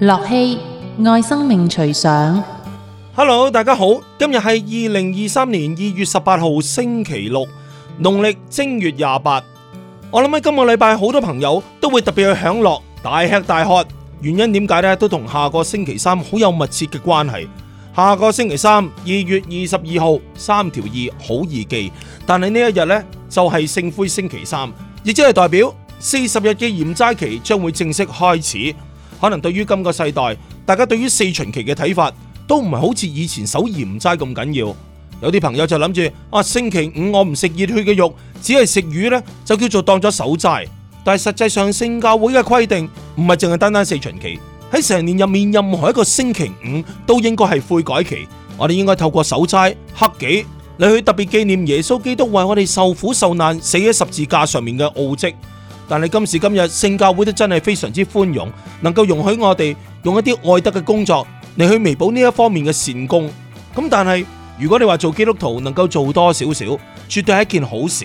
樂器愛生命隨想，Hello，大家好，今日係二零二三年二月十八號星期六，農曆正月廿八。我諗喺今個禮拜，好多朋友都會特別去享樂、大吃大喝。原因點解呢？都同下個星期三好有密切嘅關係。下個星期三，二月二十二號，三條二好易記，但係呢一日呢，就係聖灰星期三，亦即係代表四十日嘅嚴齋期將會正式開始。可能對於今個世代，大家對於四旬期嘅睇法都唔係好似以前守嚴齋咁緊要。有啲朋友就諗住啊，星期五我唔食熱血嘅肉，只係食魚呢就叫做當咗守齋。但係實際上聖教會嘅規定唔係淨係單單四旬期，喺成年入面任何一個星期五都應該係悔改期。我哋應該透過守齋、克己，你去特別紀念耶穌基督為我哋受苦受難死喺十字架上面嘅奧跡。但係今時今日，聖教會都真係非常之寬容，能夠容許我哋用一啲愛德嘅工作嚟去彌補呢一方面嘅善功。咁但係如果你話做基督徒能夠做多少少，絕對係一件好事。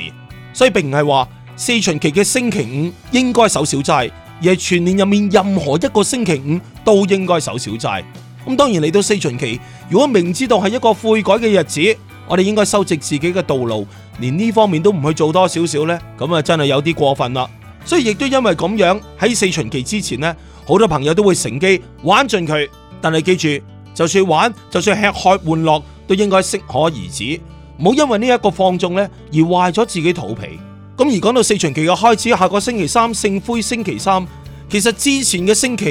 所以並唔係話四旬期嘅星期五應該守小齋，而係全年入面任何一個星期五都應該守小齋。咁當然嚟到四旬期，如果明知道係一個悔改嘅日子，我哋應該修正自己嘅道路，連呢方面都唔去做多少少呢。咁啊真係有啲過分啦。所以亦都因為咁樣喺四旬期之前呢，好多朋友都會乘機玩盡佢。但係記住，就算玩，就算吃喝玩樂，都應該適可而止，唔好因為呢一個放縱呢，而壞咗自己肚皮。咁而講到四旬期嘅開始，下個星期三聖灰星期三，其實之前嘅星期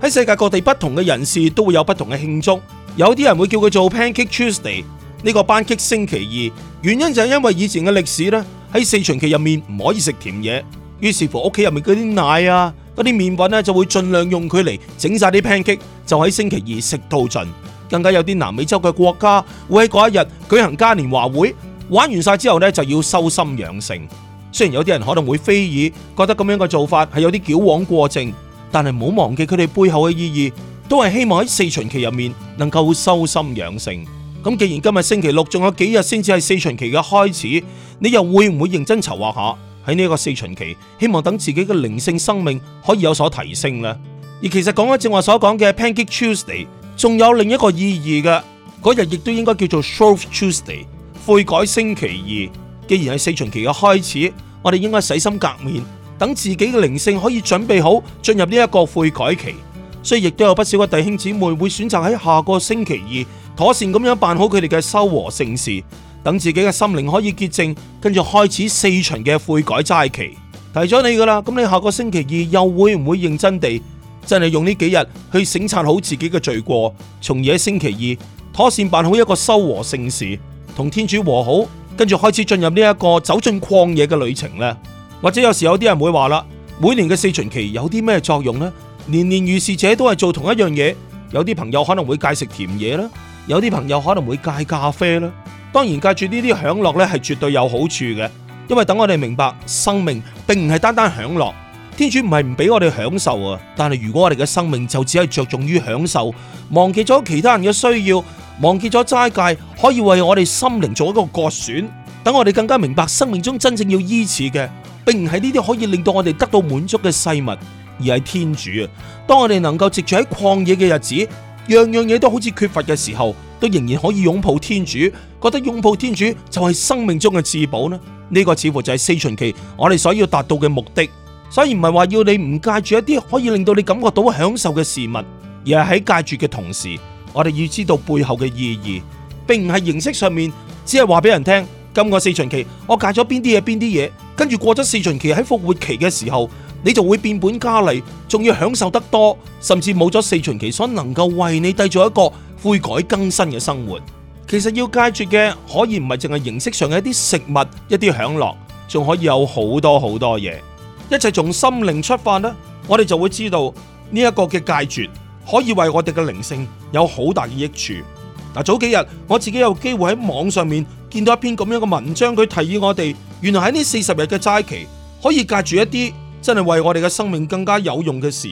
二喺世界各地不同嘅人士都會有不同嘅慶祝。有啲人會叫佢做 Pancake Tuesday 呢個班戟星期二，原因就係因為以前嘅歷史呢，喺四旬期入面唔可以食甜嘢。於是乎，屋企入面嗰啲奶啊，嗰啲麵粉呢，就會盡量用佢嚟整晒啲 pancake，就喺星期二食到盡。更加有啲南美洲嘅國家會喺嗰一日舉行嘉年華會，玩完晒之後呢，就要收心養成。雖然有啲人可能會非議，覺得咁樣嘅做法係有啲矯枉過正，但係唔好忘記佢哋背後嘅意義，都係希望喺四旬期入面能夠收心養性。咁既然今日星期六，仲有幾日先至係四旬期嘅開始，你又會唔會認真籌劃下？喺呢一個四旬期，希望等自己嘅靈性生命可以有所提升啦。而其實講開正話所講嘅 Pancake Tuesday 仲有另一個意義嘅，嗰日亦都應該叫做 Shrove Tuesday，悔改星期二。既然喺四旬期嘅開始，我哋應該洗心革面，等自己嘅靈性可以準備好進入呢一個悔改期。所以亦都有不少嘅弟兄姊妹會選擇喺下個星期二，妥善咁樣辦好佢哋嘅修和聖事。等自己嘅心靈可以潔淨，跟住開始四旬嘅悔改齋期，提咗你噶啦。咁你下個星期二又會唔會認真地真係用呢幾日去省察好自己嘅罪過，從而喺星期二妥善辦好一個修和聖事，同天主和好，跟住開始進入呢一個走進曠野嘅旅程呢？或者有時有啲人會話啦，每年嘅四旬期有啲咩作用呢？年年如是者都係做同一樣嘢，有啲朋友可能會戒食甜嘢啦，有啲朋友可能會戒咖啡啦。當然，隔住呢啲享樂咧，係絕對有好處嘅。因為等我哋明白，生命並唔係單單享樂。天主唔係唔俾我哋享受啊！但係如果我哋嘅生命就只係着重於享受，忘記咗其他人嘅需要，忘記咗齋戒，可以為我哋心靈做一個割損，等我哋更加明白生命中真正要依恃嘅，並唔係呢啲可以令到我哋得到滿足嘅事物，而係天主啊！當我哋能夠藉住喺曠野嘅日子，樣樣嘢都好似缺乏嘅時候，都仍然可以擁抱天主，覺得擁抱天主就係生命中嘅至寶呢？呢個似乎就係四旬期我哋所要達到嘅目的。所以唔係話要你唔戒住一啲可以令到你感覺到享受嘅事物，而係喺戒住嘅同時，我哋要知道背後嘅意義，並唔係形式上面，只係話俾人聽。今個四旬期我戒咗邊啲嘢、邊啲嘢，跟住過咗四旬期喺復活期嘅時候，你就會變本加厲，仲要享受得多，甚至冇咗四旬期，所能夠為你締造一個悔改更新嘅生活。其實要戒絕嘅，可以唔係淨係形式上嘅一啲食物、一啲享樂，仲可以有好多好多嘢。一切從心靈出發呢，我哋就會知道，呢一個嘅戒絕可以為我哋嘅靈性有好大嘅益處。嗱，早幾日我自己有機會喺網上面見到一篇咁樣嘅文章，佢提議我哋原來喺呢四十日嘅齋期可以戒住一啲。真係為我哋嘅生命更加有用嘅事，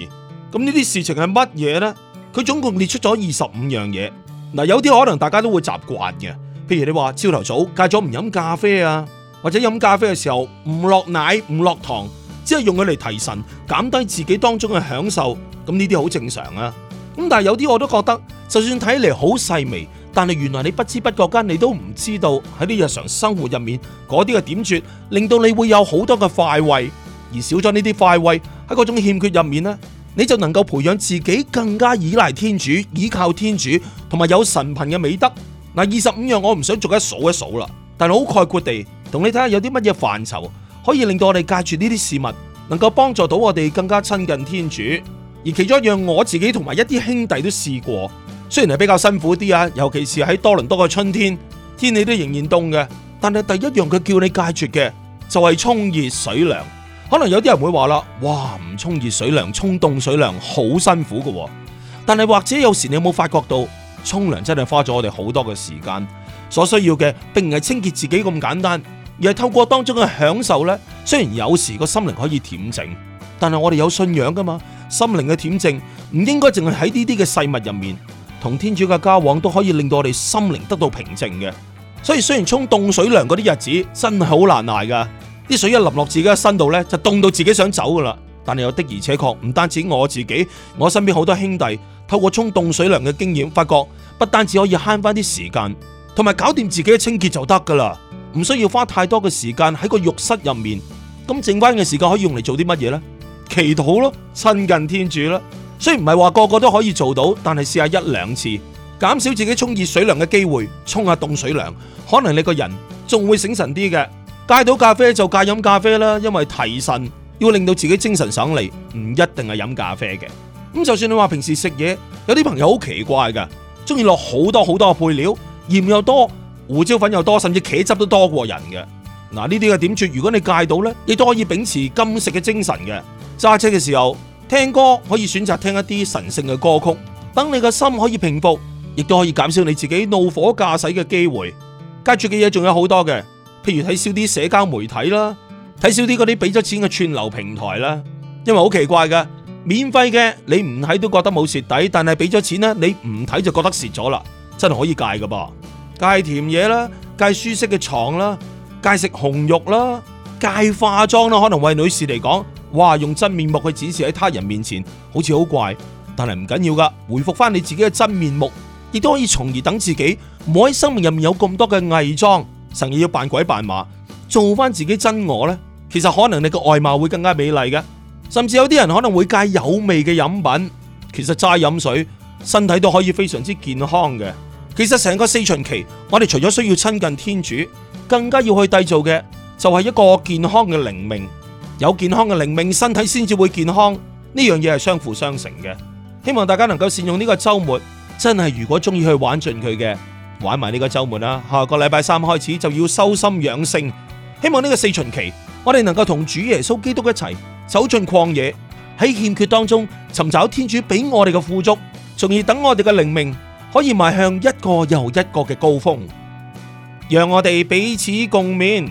咁呢啲事情係乜嘢呢？佢總共列出咗二十五樣嘢。嗱，有啲可能大家都會習慣嘅，譬如你話朝頭早戒咗唔飲咖啡啊，或者飲咖啡嘅時候唔落奶唔落糖，只係用佢嚟提神，減低自己當中嘅享受，咁呢啲好正常啊。咁但係有啲我都覺得，就算睇起嚟好細微，但係原來你不知不覺間你都唔知道喺啲日常生活入面嗰啲嘅點綴，令到你會有好多嘅快慰。而少咗呢啲快慰喺嗰種欠缺入面呢，你就能夠培養自己更加依賴天主，倚靠天主，同埋有神貧嘅美德。嗱，二十五樣我唔想逐一數一數啦，但係好概括地同你睇下有啲乜嘢範疇可以令到我哋戒絕呢啲事物，能夠幫助到我哋更加親近天主。而其中一樣我自己同埋一啲兄弟都試過，雖然係比較辛苦啲啊，尤其是喺多倫多嘅春天，天氣都仍然凍嘅，但係第一樣佢叫你戒絕嘅就係沖熱水涼。可能有啲人會話啦，哇，唔沖熱水涼，沖凍水涼好辛苦噶。但係或者有時你有冇發覺到，沖涼真係花咗我哋好多嘅時間，所需要嘅並唔係清潔自己咁簡單，而係透過當中嘅享受呢。雖然有時個心靈可以恬靜，但係我哋有信仰噶嘛，心靈嘅恬靜唔應該淨係喺呢啲嘅細物入面，同天主嘅交往都可以令到我哋心靈得到平靜嘅。所以雖然沖凍水涼嗰啲日子真係好難捱噶。啲水一淋落自己嘅身度咧，就凍到自己想走噶啦。但係又的而且確，唔單止我自己，我身邊好多兄弟透過沖凍水涼嘅經驗，發覺不單止可以慳翻啲時間，同埋搞掂自己嘅清潔就得噶啦，唔需要花太多嘅時間喺個浴室入面。咁剩翻嘅時間可以用嚟做啲乜嘢呢？祈禱咯，親近天主啦。雖然唔係話個個都可以做到，但係試下一兩次，減少自己沖熱水涼嘅機會，沖下凍水涼，可能你個人仲會醒神啲嘅。戒到咖啡就戒飲咖啡啦，因為提神要令到自己精神上嚟，唔一定係飲咖啡嘅。咁就算你話平時食嘢，有啲朋友好奇怪嘅，中意落好多好多嘅配料，鹽又多，胡椒粉又多，甚至茄汁都多過人嘅。嗱，呢啲嘅點綴，如果你戒到咧，亦都可以秉持禁食嘅精神嘅。揸車嘅時候聽歌，可以選擇聽一啲神聖嘅歌曲，等你個心可以平復，亦都可以減少你自己怒火駕駛嘅機會。戒住嘅嘢仲有好多嘅。譬如睇少啲社交媒體啦，睇少啲嗰啲俾咗錢嘅串流平台啦，因為好奇怪㗎，免費嘅你唔睇都覺得冇蝕底，但係俾咗錢呢，你唔睇就覺得蝕咗啦，真係可以戒㗎噃，戒甜嘢啦，戒舒適嘅床啦，戒食紅肉啦，戒化妝啦，可能為女士嚟講，哇，用真面目去展示喺他人面前，好似好怪，但係唔緊要噶，回復翻你自己嘅真面目，亦都可以從而等自己唔好喺生命入面有咁多嘅偽裝。甚至要扮鬼扮馬，做翻自己真我呢。其實可能你個外貌會更加美麗嘅，甚至有啲人可能會戒有味嘅飲品。其實齋飲水，身體都可以非常之健康嘅。其實成個四旬期，我哋除咗需要親近天主，更加要去締造嘅就係一個健康嘅靈命。有健康嘅靈命，身體先至會健康。呢樣嘢係相輔相成嘅。希望大家能夠善用呢個周末。真係如果中意去玩盡佢嘅。玩埋呢個周末啦！下個禮拜三開始就要修心養性，希望呢個四旬期，我哋能夠同主耶穌基督一齊走進曠野，喺欠缺當中尋找天主俾我哋嘅富足，從而等我哋嘅靈命可以邁向一個又一個嘅高峰，讓我哋彼此共勉。